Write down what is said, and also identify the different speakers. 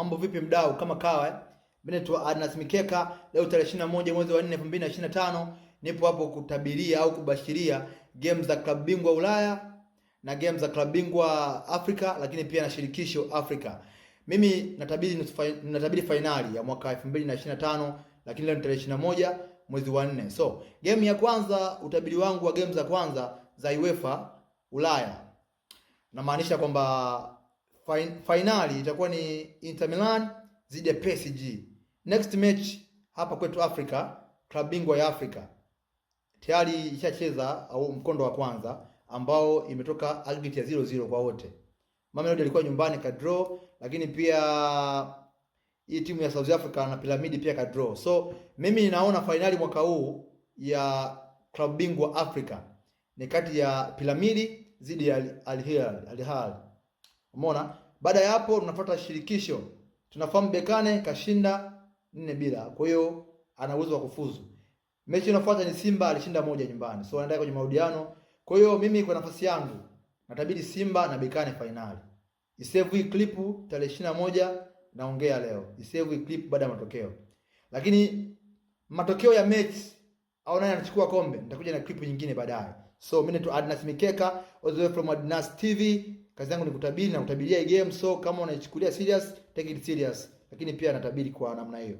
Speaker 1: Mambo vipi mdau, kama kawa eh? Mimi naitwa Adnas Mikeka. Leo tarehe 21 mwezi wa 4 2025, nipo hapo kutabiria au kubashiria game za klabu bingwa Ulaya na game za klabu bingwa Afrika, lakini pia na shirikisho Afrika. Mimi natabiri natabiri finali ya mwaka 2025, lakini leo ni tarehe 21 mwezi wa 4. So, game ya kwanza, utabiri wangu wa game za kwanza za UEFA Ulaya. Namaanisha kwamba fainali itakuwa ni Inter Milan dhidi ya PSG. Next match hapa kwetu Afrika, klabu bingwa ya Afrika tayari ishacheza au mkondo wa kwanza ambao imetoka aggregate ya 0-0 kwa wote. Mamelodi alikuwa nyumbani ka draw, lakini pia hii timu ya South Africa na Pyramid pia ka draw. So mimi ninaona fainali mwaka huu ya klabu bingwa Afrika ni kati ya Pyramid dhidi ya Al Hilal. Al Hilal. Umeona? Baada ya hapo tunafuata shirikisho. Tunafahamu Bekane kashinda nne bila. Kwa hiyo ana uwezo wa kufuzu. Mechi inayofuata ni Simba alishinda moja nyumbani. So anaenda kwenye marudiano. Kwa hiyo mimi kwa nafasi yangu natabiri Simba na Bekane finali. Isave hii clip tarehe 21 naongea leo. Isave hii clip baada ya matokeo. Lakini matokeo ya mechi au nani anachukua kombe nitakuja na clip nyingine baadaye. So mimi ni Adnas Mikeka, all the way from Adnas TV. Kazi yangu ni kutabiri na kutabiria game, so kama unaichukulia serious, take it serious. Lakini pia natabiri kwa namna hiyo.